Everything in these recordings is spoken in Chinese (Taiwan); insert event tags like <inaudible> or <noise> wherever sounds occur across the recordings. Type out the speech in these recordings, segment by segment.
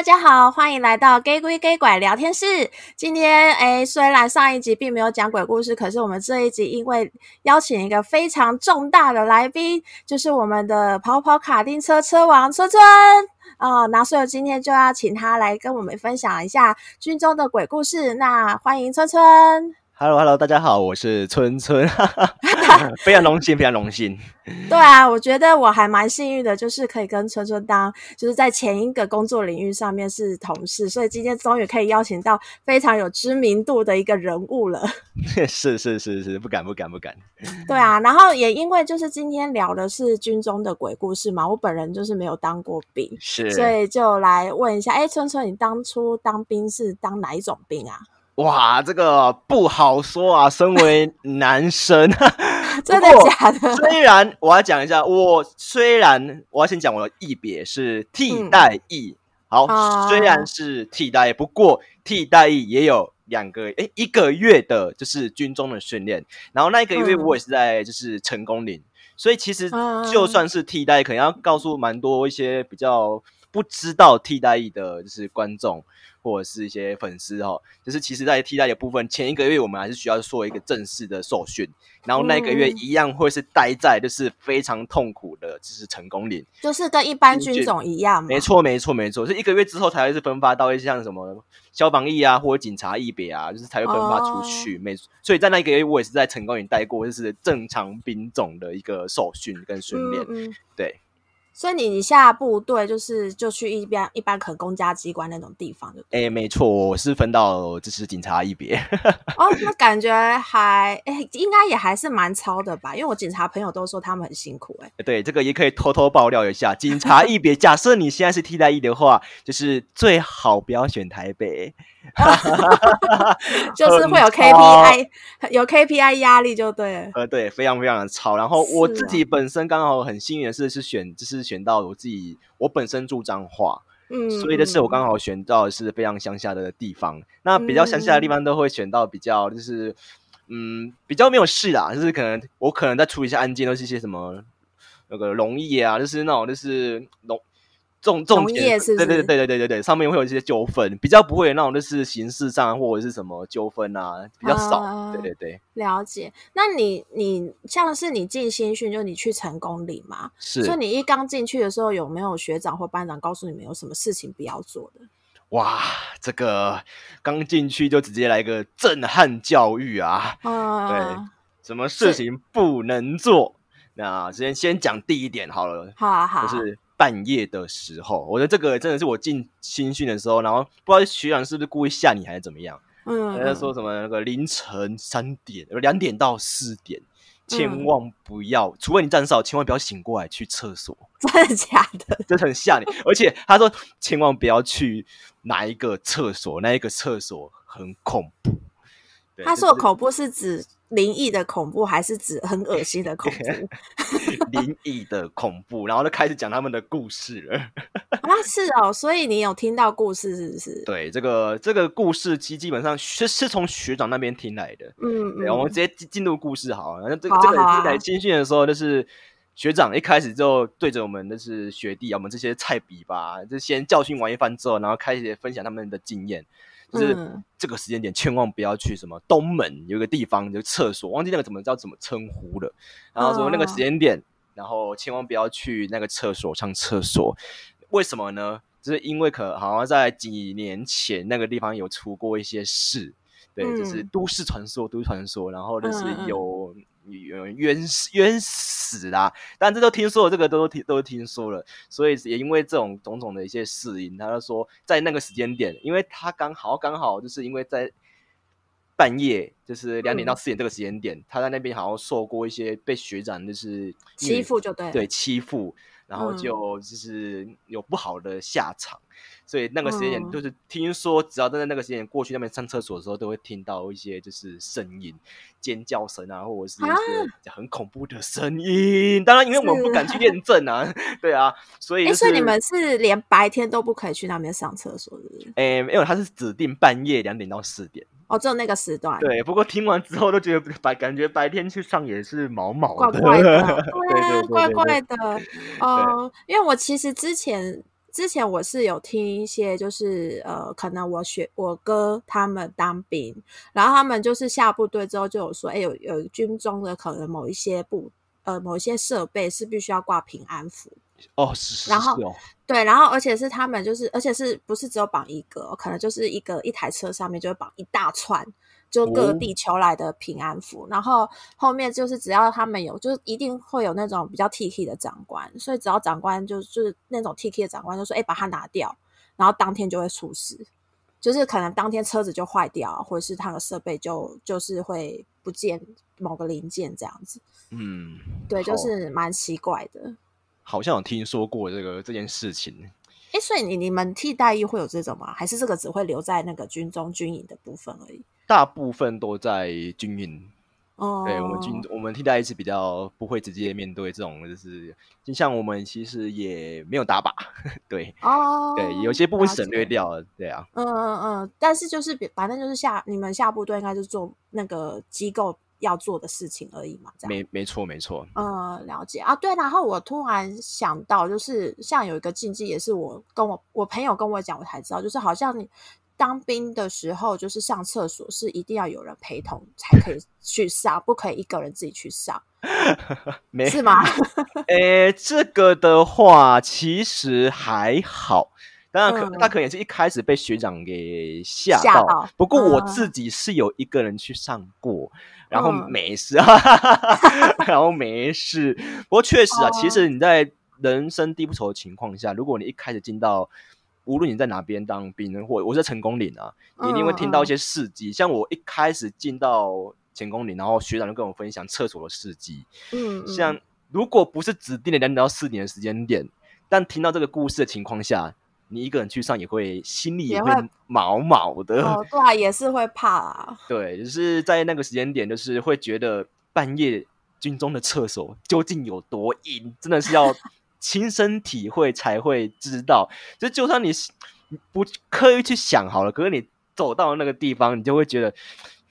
大家好，歡迎來到《假鬼假怪》聊天室。今天，誒雖然上一集並沒有講鬼故事，可是我們這一集因為邀請一個非常重大的來賓，就是我們的跑跑卡丁車車王村村啊，那所以今天就要請他來跟我們分享一下軍中的鬼故事。那歡迎村村。Hello，Hello，hello, 大家好，我是村村 <laughs> 非常榮幸，非常榮幸。 <laughs> 對啊，我覺得我還蠻幸運的，就是可以跟村村當，就是在前一個工作領域上面是同事，所以今天終於可以邀請到非常有知名度的一個人物了。 <laughs> 是是是是，不敢不敢不敢。對啊，然後也因為就是今天聊的是軍中的鬼故事嘛，我本人就是沒有當過兵，是，所以就來問一下，哎、欸，村村，你當初當兵是當哪一種兵啊？哇，這個不好說啊。身為男生， <laughs> <laughs> 過真的假的？雖然我要講一下，我雖然我要先講我的役別是替代役。嗯、好，啊、雖然是替代役，不過替代役也有兩個、欸，一個月的就是軍中的訓練。然後那個因為我也是在就是成功嶺、嗯、所以其實就算是替代役，可能要告訴蠻多一些比較不知道替代役的就是觀眾。或者是一些粉絲哦，就是其實在替代的部分，前一個月我們還是需要做一個正式的受訓，嗯、然後那一個月一樣會是待在就是非常痛苦的就是成功嶺。就是跟一般軍種一樣嘛，沒錯沒錯沒錯，是一個月之後才會是分發到一些像什麼消防役啊或者警察役別啊，就是才會分發出去。沒、哦、所以在那一個月我也是在成功嶺待過，就是正常兵種的一個受訓跟訓練，嗯嗯、對。所以你下部隊就是就去一般一般可能公家機關那種地方就對了。哎、欸，沒錯，我是分到就是警察役別 <laughs> 哦，那感覺還哎、欸，應該也還是蠻操的吧？因為我警察朋友都說他們很辛苦哎、欸。對，這個也可以偷偷爆料一下，警察役別， <laughs> 假設你現在是替代役的話，就是最好不要選台北。哈哈哈哈哈， <laughs> <laughs> 就是會有 KPI，吵有 KPI 壓力就對了。呃，對，非常非常的吵。然後我自己本身剛好很幸運的是是選，就是、啊、選到我自己我本身住彰化，嗯，所以這是我剛好選到的是非常鄉下的地方。嗯、那比較鄉下的地方都會選到比較就是，嗯，嗯，比較沒有事啦。就是可能我可能在處理一些案件，都是一些什麼那個農業啊，就是那種就是農，重重，重田，對對對對對對對，上面會有一些糾紛，比較不會有那種就是形式上或者是什麼糾紛啊，比較少。啊、對對，對，了解。那你你像是你進新訓，就你去成功嶺嘛？是。所以你一剛進去的時候，有沒有學長或班長告訴你們有什麼事情不要做的？哇，這個剛進去就直接來個震撼教育啊！啊，對，什麼事情不能做？是那先先講第一點好了，好啊好啊，就是。半夜的時候，我覺得這個真的是我進新訓的時候，然後不知道學長是不是故意嚇你還是怎麼樣，嗯，他說什麼那個凌晨三點，兩點到四點，嗯，千萬不要，除非你站哨，千萬不要醒過來去廁所，真的假的？真的很嚇你，而且他說千萬不要去哪一個廁所，那一個廁所很恐怖。他說恐怖是指。靈異的恐怖還是指很噁心的恐怖？靈異 <laughs> 的恐怖，然後就開始講他們的故事了。那 <laughs> 啊、是哦，所以你有聽到故事是不是？對，這個這個故事其實基本上是是從學長那邊聽來的。嗯，我們直接進進入故事好了，然後這這個進來軍訓的時候，就是學長一開始就對着我們就是學弟啊，我們這些菜比吧，就先教訓完一番之後，然後開始分享他們的經驗。就是這個時間點，千萬不要去什麼東門有一個地方，就是、廁所，忘記那個怎麼叫怎麼稱呼了。然後說那個時間點，啊、然後千萬不要去那個廁所上廁所，為什麼呢？就是因為可好像在幾年前那個地方有出過一些事，對，就是都市傳說，嗯、都市傳說，然後就是有。冤死冤死，但這都聽說了，這個都，都聽都聽說了，所以也因為這種種種的一些事因，他就說在那個時間點，因為他剛好剛好就是因為在半夜，就是兩點到四點這個時間點，嗯，他在那邊好像受過一些被學長就是欺負，就對對欺負。然後就就是有不好的下場，嗯、所以那個時間點就是聽說，只要在那個時間點過去那邊上廁所的時候，都會聽到一些就是聲音、嗯、尖叫聲啊，或者是，是很恐怖的聲音。啊、當然，因為我們不敢去驗證啊，啊 <laughs> 對啊，所以、就是欸、所以你們是連白天都不可以去那邊上廁所的。誒，因為他是指定半夜兩點到四點。哦，只有那個時段。對，不過聽完之後都覺得白，感覺白天去上也是毛毛的，怪怪的。 <laughs> 怪怪的。哦、呃，對因為我其實之前之前我是有聽一些，就是呃，可能我學我哥他們當兵，然後他們就是下部隊之後就有說，哎，有有軍中的可能某一些部呃某一些設備是必須要掛平安符。哦，是是是然後、哦、對，然後而且是他們就是，而且是不是只有綁一個？可能就是一個一台車上面就會綁一大串，就各地求來的平安符。哦、然後後面就是只要他們有，就是一定會有那種比較 T T 的長官。所以只要長官就是就是那種 T T 的長官就說：“哎、欸，把它拿掉。”然後當天就會出事，就是可能當天車子就壞掉，或者是他的設備就就是會不見某個零件這樣子。嗯，對，就是蠻奇怪的。好像有聽說過這個這件事情，哎，所以你你們替代役會有這種嗎？還是這個只會留在那個軍中軍營的部分而已？大部分都在軍營哦。對我們軍我們替代役是比較不會直接面對這種，就是就像我們其實也沒有打靶，呵呵對哦，對，有些部分省略掉了，對啊，嗯，嗯嗯嗯，但是就是反正就是下你們下部隊應該是做那個機構。要做的事情而已嘛，這樣。沒，沒錯，沒錯。嗯，了解啊，對。然後我突然想到，就是像有一個禁忌，也是我跟我我朋友跟我講，我才知道，就是好像你當兵的時候，就是上廁所是一定要有人陪同才可以去上， <laughs> 不可以一個人自己去上。 <laughs> 沒？是嗎？誒、 <laughs> 欸，這個的話其實還好，當然可那、嗯、可能也是一開始被學長給嚇到，嚇到不過我自己是有一個人去上過。嗯嗯然後沒事，哈哈哈， <laughs> 然後沒事。 <laughs> 不過確實啊，哦、其實你在人生地不熟的情況下，如果你一開始進到，無論你在哪邊當兵，或者我是在成功嶺啊，你一定會聽到一些事蹟。嗯、像我一開始進到成功嶺，然後學長就跟我分享廁所的事蹟。嗯，像嗯如果不是指定的兩點到四點的時間點，但聽到這個故事的情況下。你一個人去上也會，心裡也會毛毛的。呃、對啊，也是會怕啊。對，就是在那個時間點，就是會覺得半夜軍中的廁所究竟有多陰，真的是要親身體會才會知道。 <laughs> 就就算你不刻意去想好了，可是你走到那個地方，你就會覺得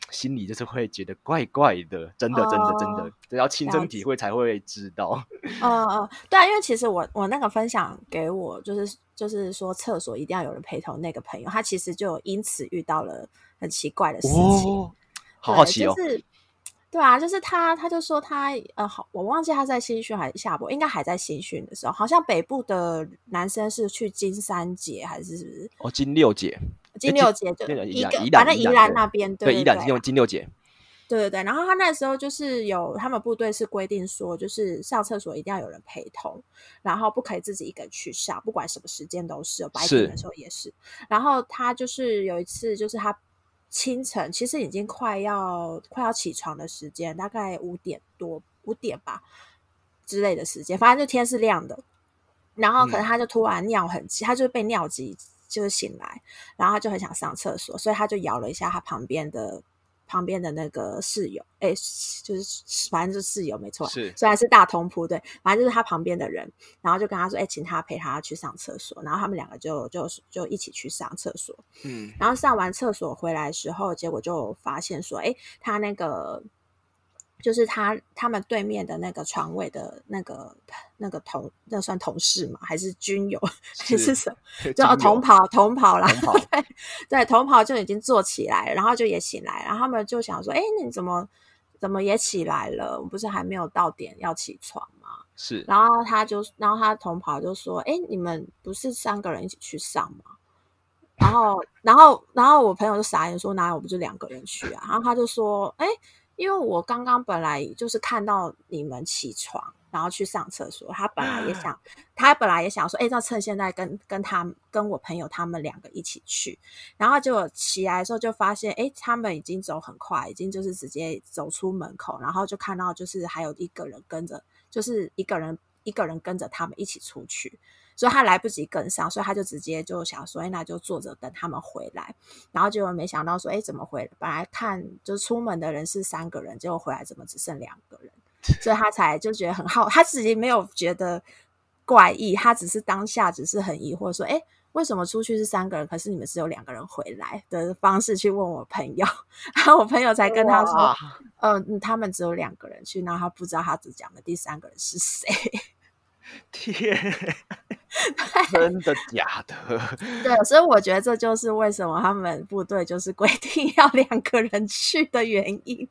心裡就是會覺得怪怪的。真的，真的，呃、真的，要親身體會才會知道。嗯嗯、呃，對啊，因為其實我我那個分享給我就是。就是說，廁所一定要有人陪同。那個朋友，他其實就因此遇到了很奇怪的事情，哦、對好好奇哦、就是。對啊，就是他，他就說他，呃，好，我忘記他在新訓還是下部，應該還在新訓的時候。好像北部的男生是去金三結還是，是，是哦，金六結，金六結就一個，欸、反正宜蘭蘭那邊、哦、對、對、對、對、啊，宜蘭因為金六結。對對對，然後他那時候就是有他們部隊是規定說，就是上廁所一定要有人陪同，然後不可以自己一個人去上，不管什麼時間都是，白天的時候也是。是。然後他就是有一次，就是他清晨其實已經快要快要起床的時間，大概五點多五點吧之類的時間，反正就天是亮的。然後可能他就突然尿很急，嗯，他就是被尿急就是醒來，然後他就很想上廁所，所以他就搖了一下他旁邊的。旁邊的那個室友，哎、欸，就是反正就是室友，沒錯，是雖然是大通鋪對，反正就是他旁邊的人，然後就跟他說，哎、欸，請他陪他去上廁所，然後他們兩個就就就一起去上廁所，嗯，然後上完廁所回來的時候，結果就發現說，哎、欸，他那個。就是他他們對面的那個床位的那個那個同，那算同事嘛，還是軍友，是，還是什麼？就，軍友，同袍，同袍，然後對對，同袍就已經坐起來了，然後就也醒來了。然後他們就想說：“哎，你怎麼怎麼也起來了？我們不是還沒有到點要起床嗎？”是。然後他就，然後他同袍就說：“哎，你們不是三個人一起去上嗎？”然後，然後，然後我朋友就傻眼說：“哪有？不是兩個人去啊？”然後他就說：“哎。”因為我剛剛本來就是看到你們起床，然後去上廁所。他本來也想，他本來也想說，欸，那趁現在跟跟他跟我朋友他們兩個一起去。然後結果起來的時候就發現，欸，他們已經走很快，已經就是直接走出門口，然後就看到就是還有一個人跟着，就是一個人一個人跟着他們一起出去。所以他來不及跟上，所以他就直接就想說：“哎、欸，那就坐着等他們回來。”然後結果沒想到說：“哎、欸，怎麼回來？本來看就出門的人是三個人，結果回來怎麼只剩兩個人？”所以他才就覺得很好，他自己沒有覺得怪異，他只是當下只是很疑惑說：“哎、欸，為什麼出去是三個人，可是你們只有兩個人回來的方式去問我朋友， <laughs> 然後我朋友才跟他說：“嗯哇、呃，他們只有兩個人去，然後他不知道他只講了第三個人是誰。天啊”天。 <laughs> 真的假的？對，對，所以我覺得這就是為什麼他們部隊就是規定要兩個人去的原因。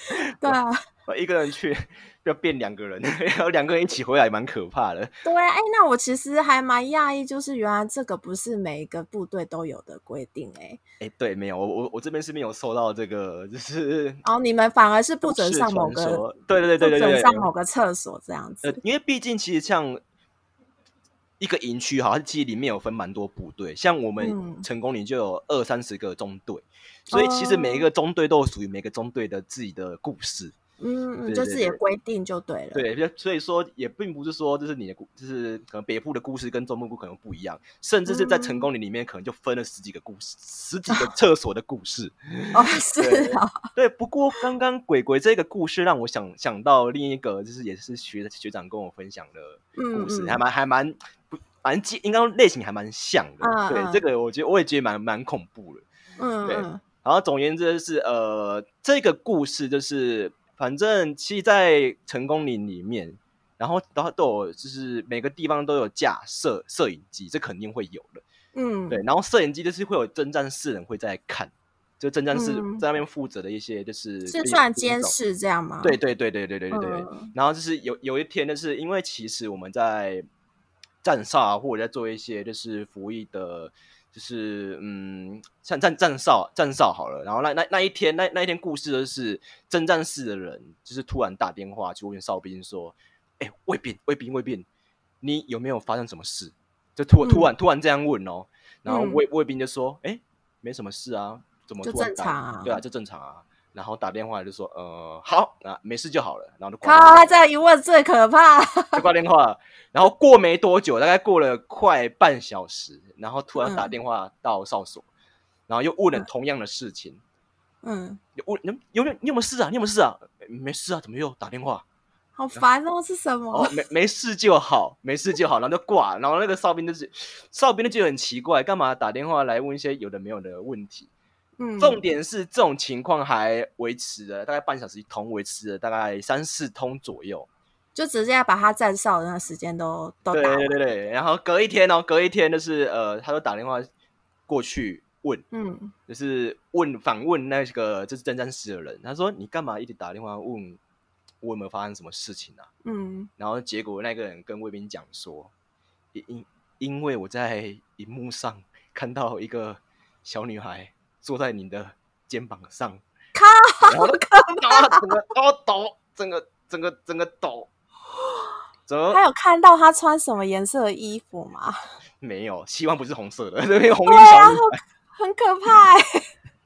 <laughs> 對啊我，我一個人去要變兩個人，然後兩個人一起回來蠻可怕的。對，哎、欸，那我其實還蠻訝異，就是原來這個不是每一個部隊都有的規定、欸，哎，哎，對，沒有，我我我這邊是沒有收到這個，就是哦，你們反而是不准上某個，對對，對對對對對，不准上某個廁所這樣子，呃、因為畢竟其實像。一個營區，好像其實裡面有分蠻多部隊，像我們成功嶺就有二三十個中隊，嗯、所以其實每一個中隊都有屬於每個中隊的自己的故事。嗯，對對對，就是也規定就對了。對，所以說也並不是說，就是你的故，就是可能北部的故事跟中部部可能不一樣，甚至是在成功嶺裡，裡面可能就分了十幾個故事，嗯、十幾個廁所的故事。哦， <laughs> 對哦，是啊，對。不過剛剛鬼鬼這個故事讓我想想到另一個，就是也是學學長跟我分享的故事，還蠻、嗯、還蠻。還蠻反正應該類型還蠻像的，啊、對這個我覺得我也覺得蠻蠻恐怖的，嗯，對。然後總而言之、就是呃，這個故事就是反正其實在成功嶺裡面，然後然後都有就是每個地方都有架攝攝影機，這肯定會有的，嗯，對。然後攝影機就是會有政戰四人會在看，就政戰是在那邊負責的一些就是、嗯、是算監視這樣嗎？對,對對對對對對對對。嗯、然後就是有有一天就是因為其實我們在。站哨啊，或者在做一些就是服役的，就是嗯，像站站哨站哨好了。然後那那那一天那那一天故事，就是政戰室的人，就是突然打電話去問哨兵說：“哎、欸，衛兵衛兵衛兵，你有沒有發生什麼事？”就突突然、嗯、突然這樣問哦。然後衛衛、嗯、兵就說：“哎、欸，沒什麼事啊，怎麼就正常、啊？對啊，就正常啊。”然後打電話就說，呃，好，那、啊、沒事就好了。然後就掛了，他、啊、這樣一問最可怕， <laughs> 就掛電話。然後過沒多久，大概過了快半小時，然後突然打電話到哨所，嗯、然後又問了同樣的事情。嗯，有問有有你有沒有事啊？你有沒有事啊？沒事啊？怎麼又打電話？好煩哦，然後，是什麼？沒沒事就好，沒事就好， <laughs> 然後就掛。然後那個哨兵就是，哨兵就覺得很奇怪，幹嘛打電話來問一些有的沒有的問題？嗯，重點是這種情況還維持了大概半小時，一通維持了大概三四通左右，就直接把他站哨那時間都都打。對，對對對，然後隔一天哦，隔一天就是呃，他就打電話過去問，嗯，就是問訪問那個就是偵戰室的人，他說你幹嘛一直打電話問我有沒有發生什麼事情啊？嗯，然後結果那個人跟衛兵講說，因因為我在熒幕上看到一個小女孩。坐在你的肩膀上，我的天哪，整個，整個，整個抖。有沒有看到他穿什麼顏色的衣服嗎？沒有，希望不是紅色的，這邊紅衣服。對啊，很，很可怕、欸。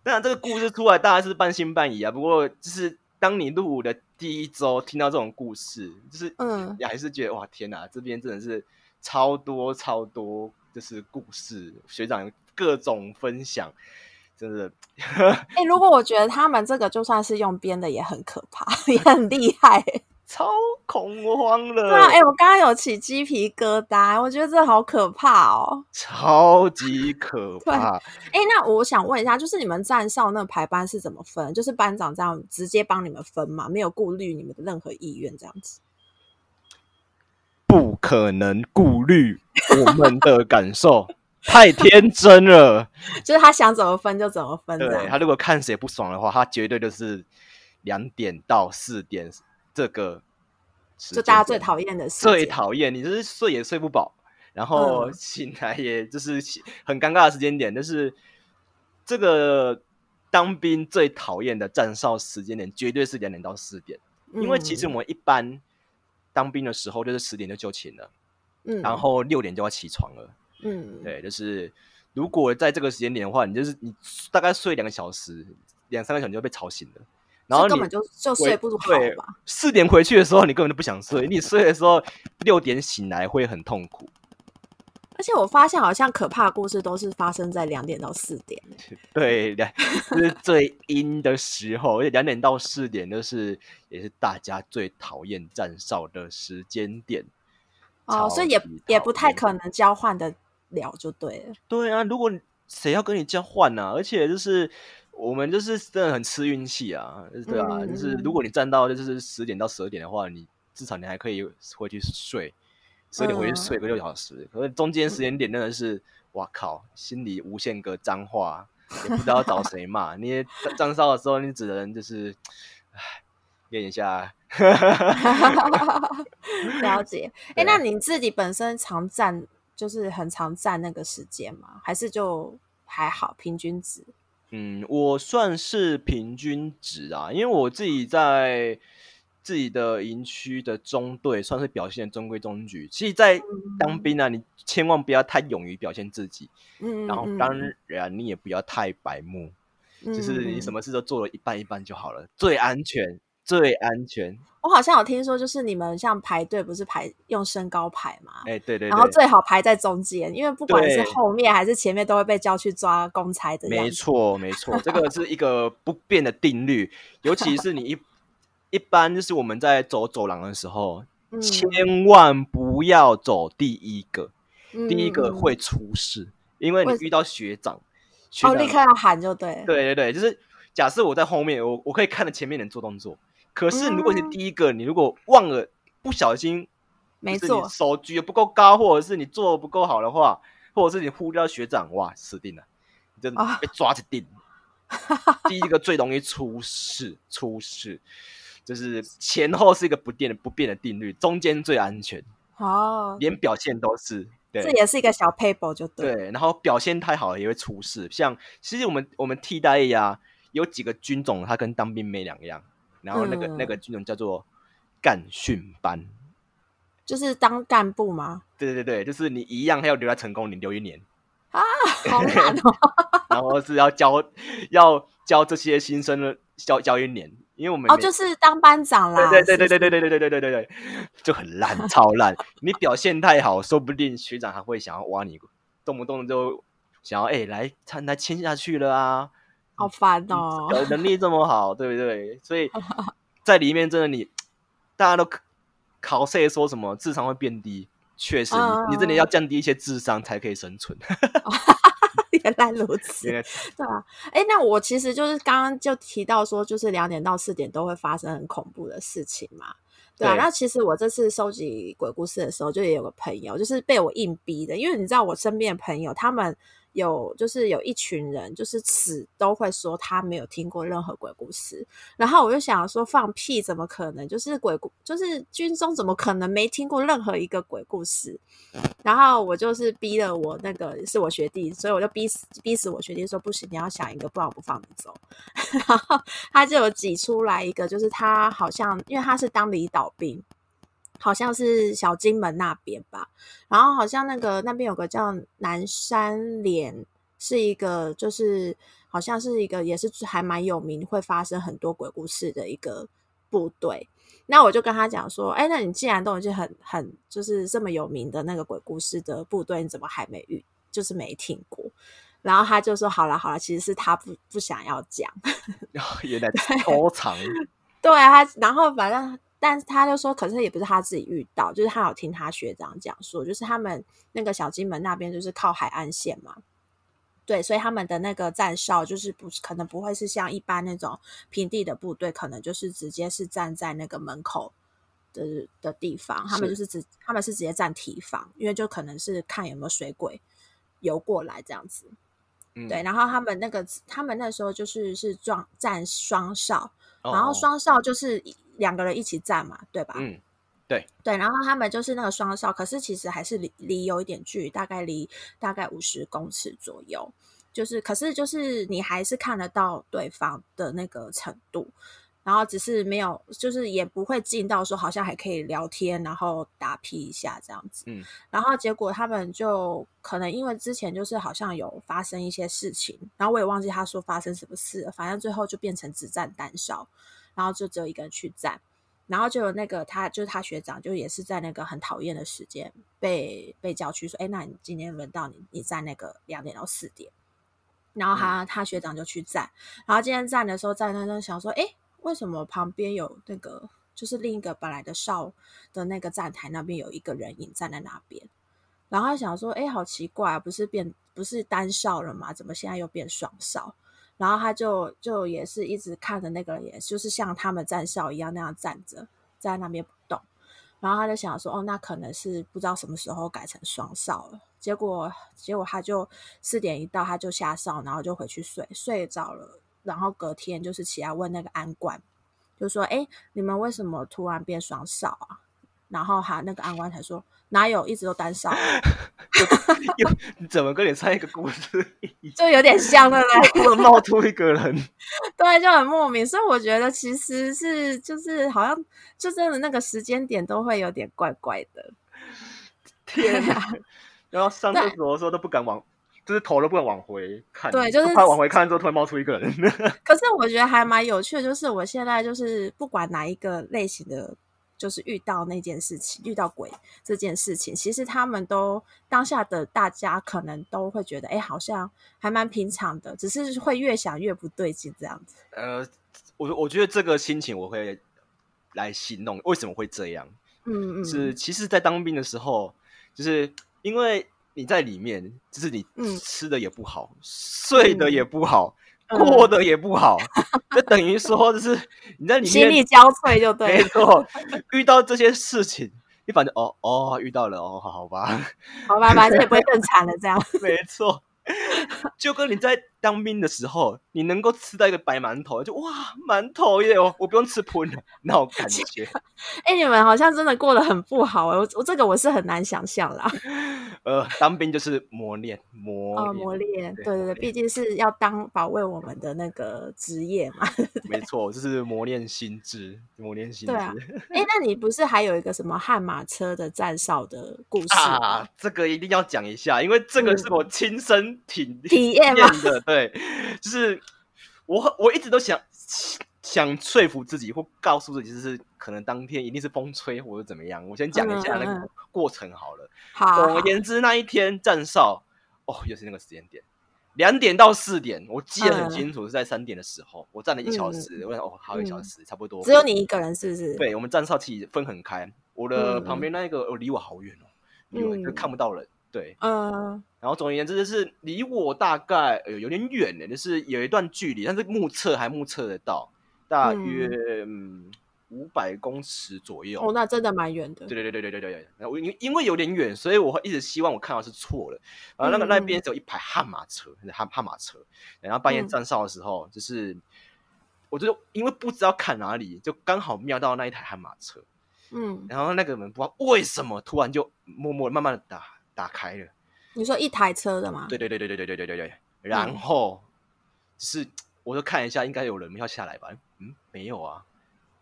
當然，這個故事出來，大家是半信半疑啊。不過，就是當你入伍的第一周聽到這種故事，就是嗯，還是覺得、嗯、哇，天哪，這邊真的是超多超多，就是故事學長各種分享。真的，哎、 <laughs> 欸，如果我覺得他們這個就算是用編的，也很可怕，也很厲害，超恐慌了。哎、欸，我剛剛有起雞皮疙瘩，我覺得這好可怕哦，超級可怕。哎、欸，那我想問一下，就是你們站哨那排班是怎麼分？就是班長這樣直接幫你們分嘛？沒有顧慮你們的任何意願這樣子？不可能顧慮我們的感受。 <laughs> <laughs> 太天真了， <laughs> 就是他想怎麼分就怎麼分。對他如果看誰不爽的話，他絕對就是兩點到四點這個點，就大家最討厭的時，最討厭你就是睡也睡不飽，然後醒來也就是很尷尬的時間點。但、就是這個當兵最討厭的站哨時間點，絕對是兩點到四點，嗯、因為其實我們一般當兵的時候就是十點就就寢了，嗯、然後六點就要起床了。嗯，對，就是如果在這個時間點的話，你就是你大概睡兩個小時、兩三個小時就被吵醒了，然後你所以根本就就睡不着吧。四點回去的時候，你根本就不想睡，你睡的時候六點醒來會很痛苦。而且我發現，好像可怕的故事都是發生在兩點到四點。 <laughs> 對，兩、就是最陰的時候， <laughs> 而且兩點到四點就是也是大家最討厭站哨的時間點。哦，哦，所以也也不太可能交換的。聊就對了。對啊，如果誰要跟你交換呢、啊？而且就是我們就是真的很吃運氣啊，對啊，嗯嗯嗯，就是如果你站到就是十點到十二點的話，你至少你還可以回去睡，十二點回去睡個六小時。嗯、可是中間時間點真的是，嗯、哇靠，心裡無限個髒話，也不知道要找誰罵。你站哨的時候，你只能就是唉，練一下。 <laughs> <laughs> 了解。哎、欸，了那你自己本身常站？就是很常占那個時間嘛，還是就還好平均值？嗯，我算是平均值啊，因為我自己在自己的營區的中隊算是表現的中規中矩。其實，在當兵啊，嗯、你千萬不要太勇於表現自己，嗯，嗯，嗯，然後當然你也不要太白目，嗯嗯就是你什麼事都做了一半一半就好了，最安全。最安全。我好像有聽說，就是你們像排隊，不是排用身高排嗎？哎、欸，對對，對。然後最好排在中間，因為不管是後面還是前面，都會被叫去抓公差的。沒錯，沒錯，這個是一個不變的定律。 <laughs> 尤其是你一一般就是我們在走走廊的時候， <laughs> 千萬不要走第一個，嗯、第一個會出事，因為你遇到學長，會學長哦，立刻要喊就對。對對對，就是假設我在後面，我我可以看着前面人做動作。可是，如果你第一個，嗯、你如果忘了，不小心，沒錯是你手舉的不夠高，或者是你做的不夠好的話，或者是你忽略到學長，哇，死定了，你就被抓着定。哦、第一個最容易出事， <laughs> 出事就是前後是一個不變的不變的定律，中間最安全哦，連表現都是，這也是一個小 paper 就對。對，然後表現太好了也會出事，像其實我們我們替代役啊，有幾個軍種，他跟當兵沒兩樣。然後那個、嗯、那個軍人叫做幹訓班，就是當幹部嗎？對對對，就是你一樣他要留在成功，你留一年啊，好難哦！ <laughs> 然後是要教要教這些新生的，教教一年，因為我們哦就是當班長啦，對對對對對對對對對對對對，是是，就很爛超爛， <laughs> 你表現太好，說不定學長還會想要挖你，動不動就想要哎、欸、來他來簽下去了啊。好煩哦！能力這麼好，對不對？所以在裡面真的你，你 <laughs> 大家都考 C，說什麼智商會變低？確實你，uh、你真的要降低一些智商才可以生存。 <laughs> <laughs> 原來如此，如此對啊。哎、欸，那我其實就是剛剛就提到說，就是兩點到四點都會發生很恐怖的事情嘛。對啊。對，那其實我這次收集鬼故事的時候，就也有個朋友，就是被我硬逼的，因為你知道我身邊的朋友他們。有，就是有一群人，就是死都會說他沒有聽過任何鬼故事。然後我就想說，放屁，怎麼可能？就是鬼故，就是軍中怎麼可能沒聽過任何一個鬼故事？然後我就是逼了我那個是我學弟，所以我就逼死逼死我學弟說，不行，你要想一個，不然我不放你走。然後他就有擠出來一個，就是他好像因為他是當離島兵。好像是小金門那邊吧，然後好像那個那邊有個叫南山連，是一個就是好像是一個也是還蠻有名，會發生很多鬼故事的一個部隊。那我就跟他講說，哎、欸，那你既然都已經很很就是這麼有名的那個鬼故事的部隊，你怎麼還沒遇，就是沒聽過？然後他就說，好啦好啦，其實是他不不想要講，原來超常。對他，然後反正。但他就說，可是也不是他自己遇到，就是他有聽他學長講說，就是他們那個小金門那邊就是靠海岸線嘛，對，所以他們的那個站哨就是不可能不會是像一般那種平地的部隊，可能就是直接是站在那個門口的的地方，他們就是直他們是直接站堤防，因為就可能是看有沒有水鬼游過來這樣子。嗯、對，然後他們那個，他們那時候就是是撞站雙哨，然後雙哨就是兩個人一起站嘛，哦、對吧？嗯，對對，然後他們就是那個雙哨，可是其實還是離離有一點距離，大概離大概五十公尺左右，就是可是就是你還是看得到對方的那個程度。然後只是沒有，就是也不會進到說好像還可以聊天，然後打屁一下這樣子。嗯、然後結果他們就可能因為之前就是好像有發生一些事情，然後我也忘記他說發生什麼事，反正最後就變成只站單哨，然後就只有一個人去站，然後就有那個他就是他學長就也是在那個很討厭的時間被被叫去說，哎，那你今天輪到你，你站那個兩點到四點，然後他、嗯、他學長就去站，然後今天站的時候站在他就想說，哎。為什麼旁邊有那個，就是另一個本來的哨的那個站台那邊有一個人影站在那邊，然後他想說，哎、欸，好奇怪啊，不是變，不是單哨了嗎？怎麼現在又變雙哨？然後他就就也是一直看着那個人，也就是像他們站哨一樣那樣站着，站在那邊不動。然後他就想說，哦，那可能是不知道什麼時候改成雙哨了。結果結果他就四點一到他就下哨，然後就回去睡，睡着了。然後隔天就是起來問那個安官，就說：“哎，你們為什麼突然變雙哨啊？”然後哈，那個安官才說：“哪有，一直都單哨。”怎麼跟你猜一個故事，就有點像的嘞。 <laughs> 我突然冒出一個人。 <laughs> 對，就很莫名。所以我覺得其實是就是好像就真的那個時間點都會有點怪怪的。天呀哪！啊、然後上廁所的時候都不敢往，就是頭都不能往回看，對，就是怕往回看之後突然冒出一個人。 <laughs> 可是我覺得還蠻有趣的，就是我現在就是不管哪一個類型的，就是遇到那件事情，遇到鬼這件事情，其實他們都當下的大家可能都會覺得，哎、欸，好像還蠻平常的，只是會越想越不對勁這樣子。呃，我我覺得這個心情我會來形容，為什麼會這樣？嗯嗯，是其實，在當兵的時候，就是因為。你在裡面，就是你吃的也不好，嗯、睡的也不好，嗯、過的也不好， <laughs> 就等於說就是你在裡面心力交瘁，就對了。沒錯，遇到這些事情， <laughs> 你反正哦哦遇到了哦，好吧，好吧，反正也不會更慘了，這樣。 <laughs> 沒錯，就跟你在。當兵的時候，你能夠吃到一個白饅頭，就哇，饅頭耶，我，我不用吃泡麵，那種感覺。哎、 <laughs> 欸，你們好像真的過得很不好哎、欸，我我這個我是很難想象啦。呃，當兵就是磨練，磨啊、哦、磨練，對對對，畢竟是要當保衛我們的那個職業嘛。沒錯，就是磨練心智，磨練心智。哎、啊欸，那你不是還有一個什麼悍馬車的站哨的故事嗎、啊？這個一定要講一下，因為這個是我親身體、嗯、體驗 <laughs> 的。對，就是我，我一直都想想，想說服自己或告訴自己，就是可能當天一定是風吹或者怎麼樣。我先講一下那個過程好了。嗯嗯嗯好，總而言之，那一天站哨哦，又是那個時間點，兩點到四點，我記得很清楚，是在三點的時候，嗯、我站了一小時，嗯、我想哦，還有一小時，嗯、差不多。只有你一個人是不是？對，我們站哨其實分很開，我的旁邊那個，我、嗯哦、離我好遠哦，因為、嗯、看不到人。對，嗯、呃。然後總而言之就是離我大概、呃、有點遠的，就是有一段距離，但是目測還目測得到，大約五百、嗯嗯、公尺左右。哦，那真的蠻遠的。對對對對對對對。然後我因因為有點遠，所以我會一直希望我看到是錯的。啊，那個那邊只有一排悍馬車，悍悍、嗯、馬車。然後半夜站哨的時候，嗯、就是我就因為不知道看哪裡，就剛好瞄到那一台悍馬車。嗯。然後那個門不知道為什麼突然就默默的慢慢的打打開了。你說一台車的嗎？對對對對對對對對對，然後、嗯、是我就看一下，應該有人要下來吧？嗯，沒有啊。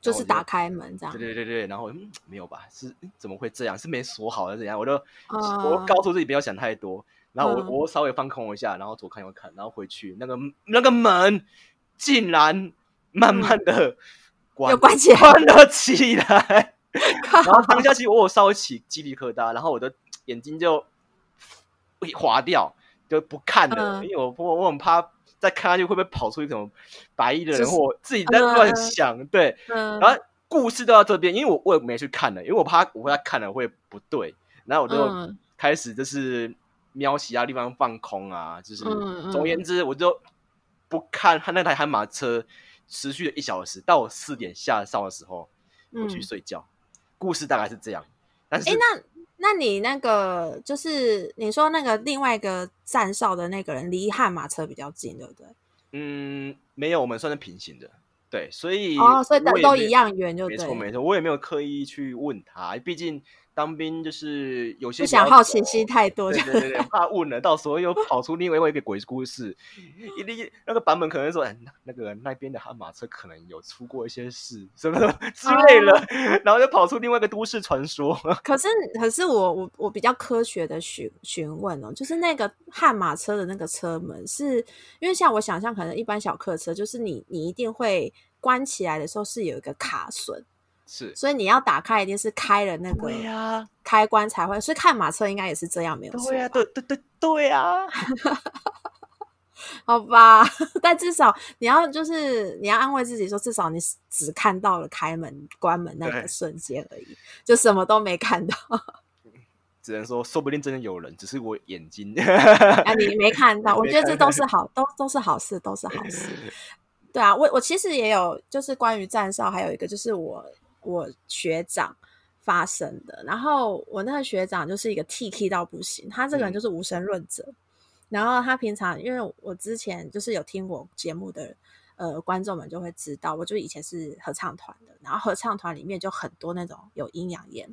就是打開門這樣。對對對對。然後沒有吧？是怎麼會這樣？是沒鎖好是怎樣。我就、呃、我就告訴自己不要想太多。然後我、嗯、我稍微放空一下，然後左看右看，然後回去那個那個門竟然慢慢的關、嗯、有關起來，關了起來。 <laughs> 靠 <laughs> 然後躺下去，我我稍微起雞皮疙瘩，然後我的眼睛就。會劃掉，就不看了，嗯、因為我我我很怕再看下去會不會跑出一種白衣的人、就是嗯、或我自己在亂想，嗯、對，嗯、然後故事都到這邊，因為我我也沒去看了，因為我怕我會在看了會不對，然後我就開始就是瞄其他地方放空啊，就是、嗯嗯、總言之，我就不看他那台悍馬車持續了一小時，到我四點下哨的時候，我去睡覺，嗯、故事大概是這樣，但是。欸那你那個就是你說那個另外一個站哨的那個人離悍馬車比較近，對不對？嗯，沒有，我們算是平行的，對，所以哦，所以都一樣遠就對，沒，沒錯沒錯，我也沒有刻意去問他，畢竟。當兵就是有些人對對對對，不想好奇心太多， <laughs> 對對、對怕問了，到時候又跑出另外一個鬼故事。 <laughs> 一定那個版本可能說，哎、欸，那個那邊的悍馬車可能有出過一些事，什麼之類的，啊、然後就跑出另外一個都市傳說。可是，可是我我我比較科學的詢詢問哦、喔，就是那個悍馬車的那個車門是，是因為像我想象，可能一般小客車，就是你你一定會關起來的時候是有一個卡榫。是所以你要打開一定是開了那個開關才會，啊、所以看馬車應該也是這樣，沒有，對呀，對對對對啊，對對對啊 <laughs> 好吧，但至少你要就是你要安慰自己說，至少你只看到了開門關門那個瞬間而已，對就什麼都沒看到。只能說，說不定真的有人，只是我眼睛， <laughs> 啊、你沒看到。我沒看到。我覺得這都是好， <laughs> 都都是好事，都是好事。 <laughs> 對啊，我我其實也有，就是關於站哨，還有一個就是我。我學長發生的，然後我那個學長就是一個 T K 到不行，他這個人就是無神論者。嗯、然後他平常，因為我之前就是有聽我節目的呃觀眾們就會知道，我就以前是合唱團的，然後合唱團裡面就很多那種有陰陽眼，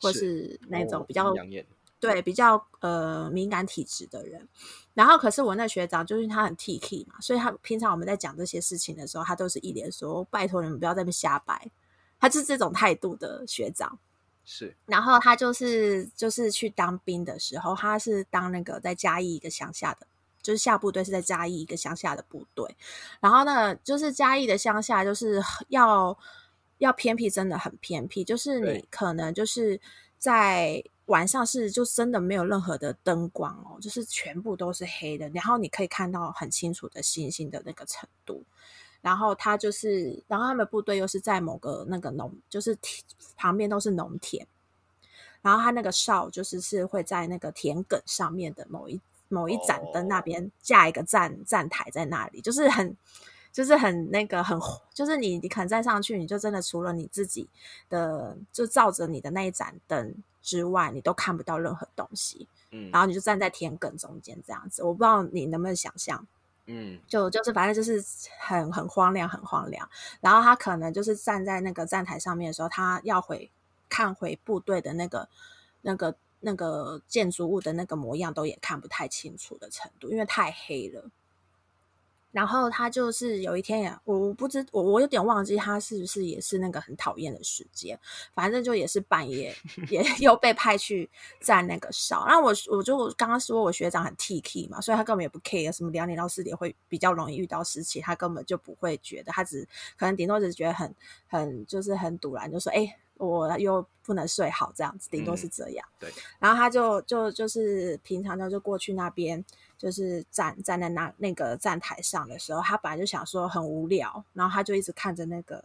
是或是那種比較陰陽眼對比較呃敏感體質的人。然後可是我那個學長就是他很 T K 嘛，所以他平常我們在講這些事情的時候，他都是一臉說拜托你們不要在那邊瞎掰。他是這種態度的學長，是。然後他就是就是去當兵的時候，他是當那個在嘉義一個鄉下的，就是下部隊是在嘉義一個鄉下的部隊。然後呢，就是嘉義的鄉下就是要要偏僻，真的很偏僻。就是你可能就是在晚上是就真的沒有任何的燈光哦，就是全部都是黑的。然後你可以看到很清楚的星星的那個程度。然後他就是，然後他們部隊又是在某個那個農，就是田旁邊都是農田，然後他那個哨就是是會在那個田埂上面的某一某一盞燈那邊架一個站，Oh. 站台在那裡，就是很，就是很那個很，Oh. 就是你你肯站上去，你就真的除了你自己的就照着你的那一盞燈之外，你都看不到任何東西，嗯，然後你就站在田埂中間這樣子，我不知道你能不能想象。嗯，就就是反正就是很很荒涼，很荒涼。然後他可能就是站在那個站台上面的時候，他要回看回部隊的那個、那個、那個建築物的那個模樣，都也看不太清楚的程度，因為太黑了。然後他就是有一天也，我不知我我有點忘記他是不是也是那個很討厭的時間，反正就也是半夜， <laughs> 也又被派去站那個哨。那我我就剛剛說我學長很 T K 嘛，所以他根本也不 care 什麼兩點到四點會比較容易遇到事情，他根本就不會覺得，他只可能頂多只覺得很很就是很賭爛，就說誒、欸、我又不能睡好這樣子，頂多是這樣。嗯、對，然後他就就就是平常呢就過去那邊。就是站站在那那個站台上的時候，他本來就想說很無聊，然後他就一直看着那個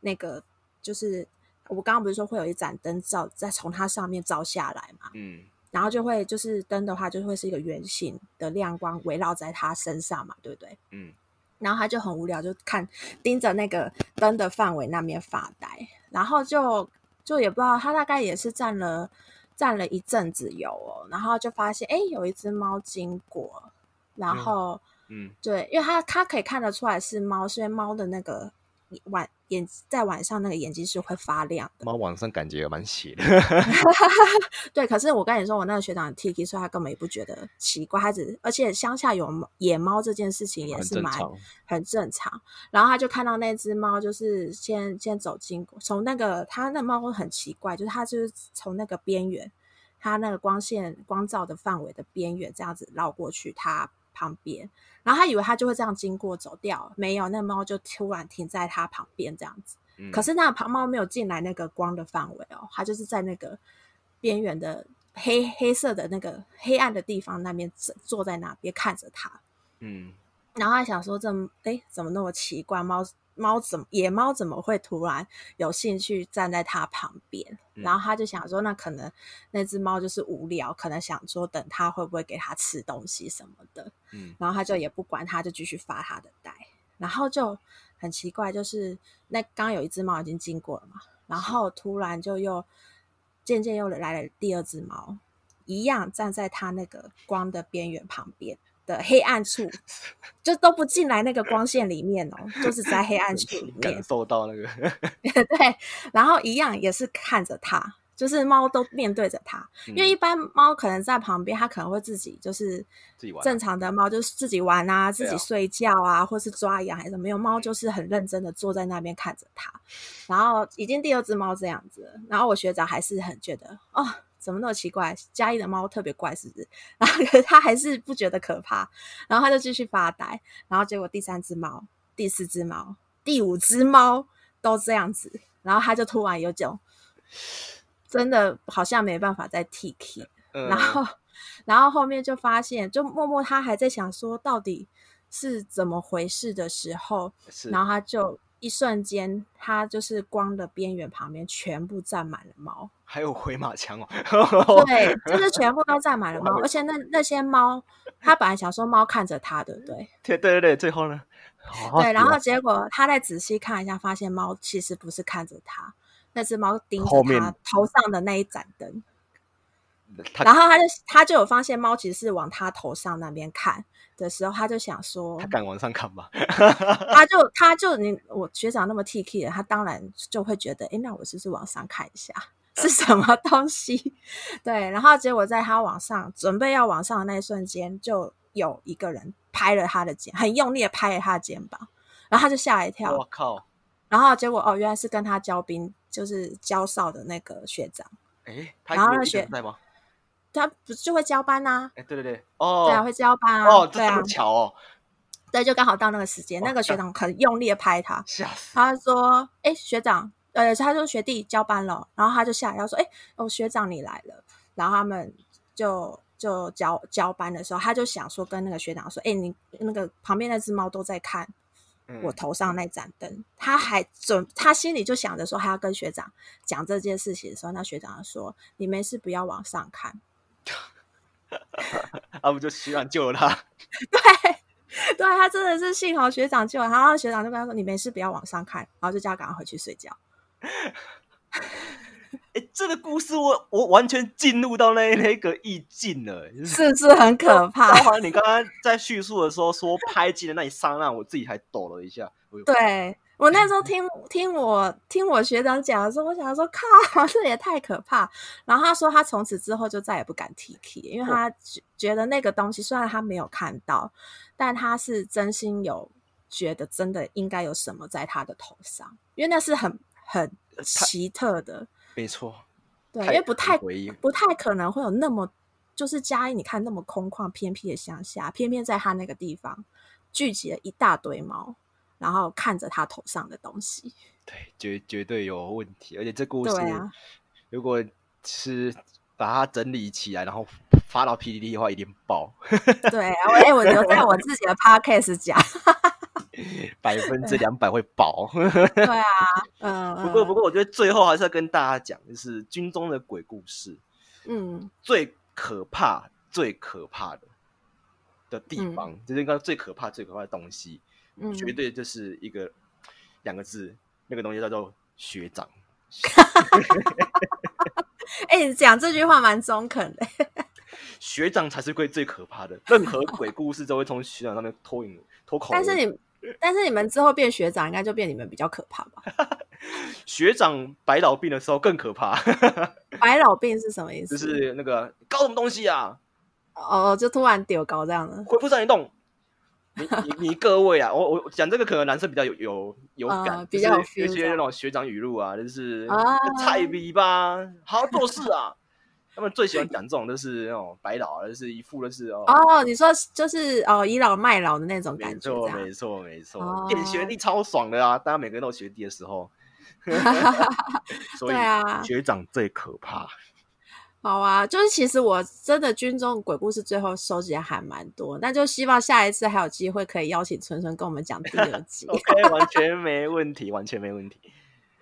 那個，就是我剛剛不是說會有一盞燈照在從他上面照下來嘛，嗯，然後就會就是燈的話，就會是一個圓形的亮光圍繞在他身上嘛，對不對？嗯，然後他就很無聊，就看盯着那個燈的範圍那邊發呆，然後就就也不知道他大概也是站了。站了一陣子油哦，然後就發現哎，有一隻貓經過，然後嗯、嗯對，因為它它可以看得出來是貓，是因為貓的那個碗。在晚上，那個眼睛是會發亮的。貓晚上感覺也蠻邪的。 <laughs> <laughs> 對，可是我跟你說，我那個學長 Tiki 說，他根本也不覺得奇怪，他只而且鄉下有野貓這件事情也是蠻很、很正常。然後他就看到那只貓，就是先先走進，從那個他那貓很奇怪，就是他就是從那個邊緣，它那個光線光照的範圍的邊緣這樣子繞過去，它。旁邊，然後他以為他就會這樣經過走掉，沒有，那貓就突然停在他旁邊這樣子。嗯，可是那旁貓沒有進來那個光的範圍哦，他就是在那個邊緣的黑黑色的那個黑暗的地方那邊坐在那邊看着他。嗯，然後他想說這誒怎麼那麼奇怪貓。貓怎麼，野貓怎麼會突然有興趣站在它旁邊？然後他就想說，那可能那只貓就是無聊，可能想說等它會不會給它吃東西什麼的。嗯，然後他就也不管他就繼續發他的呆。然後就很奇怪，就是那剛有一只貓已經經過了嘛，然後突然就又漸漸又來了第二只貓，一樣站在它那個光的邊緣旁邊。的黑暗處，就都不進來那個光線裡面哦、喔，就是在黑暗處裡面 <laughs> 感受到那個。 <laughs> <laughs> 對，然後一樣也是看着它，就是貓都面對着它，嗯、因為一般貓可能在旁邊，它可能會自己就是正常的貓，就是自己玩啊，自己，玩啊自己睡覺啊，啊或是抓癢還是什麼，沒有貓就是很認真的坐在那邊看着它，然後已經第二隻貓這樣子，然後我學長還是很覺得哦。怎麼那麼奇怪，家裡的貓特別怪，是不是？然後，啊，他還是不覺得可怕，然後他就繼續發呆，然後結果第三只貓、第四只貓、第五只貓都這樣子，然後他就突然有種真的好像沒辦法再提踢，嗯、然後然後後面就發現，就默默他還在想說到底是怎麼回事的時候，是然後他就。一瞬間，它就是光的邊緣旁邊全部站滿了貓，還有回馬槍哦。 <laughs> 對，就是全部都站滿了貓，而且那那些貓，他本來想說貓看着他的，對不對？對對對對，最後呢？對，然後結果他再仔細看一下，發現貓其實不是看着他，那只貓盯着他面頭上的那一盞燈，它然後他就他就有發現貓其實是往他頭上那邊看。的時候，他就想說，他敢往上看嗎 <laughs> ？他就他就你我學長那麼 T K 的，他當然就會覺得，哎、欸，那我是不是往上看一下是什麼東西， <laughs> 對。然後結果在他往上準備要往上的那一瞬間，就有一個人拍了他的肩，很用力的拍了他的肩膀，然後他就嚇一跳，我靠。然後結果哦，原來是跟他交兵，就是交哨的那個學長。誒、欸，他個學長在嗎？他不就會交班吶、啊？哎，對對對，哦，對啊，會交班啊，哦，這，這麼巧哦對、啊，對，就剛好到那個時間，哦、那個學長很用力的拍他，嚇他說：“哎嚇、欸，學長，呃，他說學弟交班了。”然後他就下來說：“哎、欸，哦，學長你來了。”然後他們就就交交班的時候，他就想說跟那個學長說：“哎、欸，你那個旁邊那隻貓都在看我頭上那盞燈。嗯”他還準他心裡就想着說還要跟學長講這件事情的時候，那學長就說：“你沒事，不要往上看。” <laughs> <laughs> 啊不， <laughs> 就學長救了他。 <laughs> 對，對他真的是幸好學長救了他。然後學長就跟他說：“你沒事，不要往上看。”然後就叫他趕快回去睡覺。 <laughs> <laughs> 欸、這個故事我我完全進入到那那一個意境了、欸， <laughs> 是不是很可怕？ <laughs> <laughs> 啊、你剛剛在敘述的時候 <laughs> 說拍擊的那一剎那， <laughs> 我自己還抖了一下。對。我那時候聽聽我聽我學長講的時候，我想說靠，這也太可怕。然後他說他從此之後就再也不敢提起，因為他覺得那個東西雖然他沒有看到，但他是真心有覺得真的應該有什麼在他的頭上，因為那是很很奇特的，沒錯，對，太因為不太，太不太可能會有那麼就是嘉義，你看那麼空曠偏僻的鄉下，偏偏在他那個地方聚集了一大堆貓。然後看着他頭上的東西，對，絕絕對有問題。而且這故事，啊、如果是把它整理起來，然後發到 PDD 的話，一定爆。 <laughs> 對、啊，哎、欸，我留在我自己的 Podcast 講， <laughs> <laughs> 百分之兩百會爆。 <laughs> 對啊，嗯。不過，不過，我覺得最後還是要跟大家講，就是軍中的鬼故事，嗯，最可怕、最可怕的的地方，嗯、就是應該最可怕、最可怕的東西。絕對就是一個兩個字，那個東西叫做學長。哎、 <laughs> <laughs> 欸，你講這句話蠻中肯的。 <laughs> 學長才是最可怕的，任何鬼故事都會從學長那邊脫影，脫 <laughs> 口。但是你，但是你們之後變學長，應該就變你們比較可怕吧？ <laughs> 學長白老病的時候更可怕。 <laughs> 白老病是什麼意思？就是那個搞什麼東西啊？哦，oh, 就突然丟搞這樣的，回復上一動。 <laughs> 你你你各位啊，我我講這個可能男生比較有有有感，呃、比較有一些那種學長語錄啊，就是菜逼吧，啊、好好做事啊。 <laughs> 他們最喜歡講這種就是那種白老、啊，就是一副就是哦，哦，你說就是哦倚老賣老的那種感覺沒，沒錯沒錯沒錯，電、啊、學弟超爽的啊，大家每個人都有學弟的時候， <laughs> 所以啊學長最可怕。 <laughs> 好啊，就是其實我真的《軍中鬼故事》最後收集還蠻多，那就希望下一次還有機會可以邀請村村跟我們講第二集。 <laughs> OK，完全沒問題， <laughs> 完全沒問題。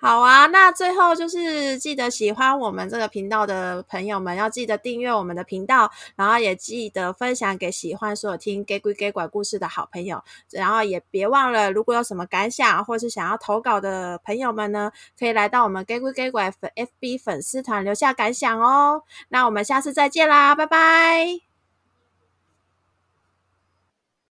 好啊，那最後就是記得喜歡我們這個頻道的朋友們，要記得訂閱我們的頻道，然後也記得分享給喜歡所有聽《Get 鬼 Get 怪》故事的好朋友，然後也別忘了，如果有什麼感想或是想要投稿的朋友們呢，可以來到我們《Get 鬼 Get 怪》FB 粉絲團留下感想哦。那我們下次再見啦，拜拜。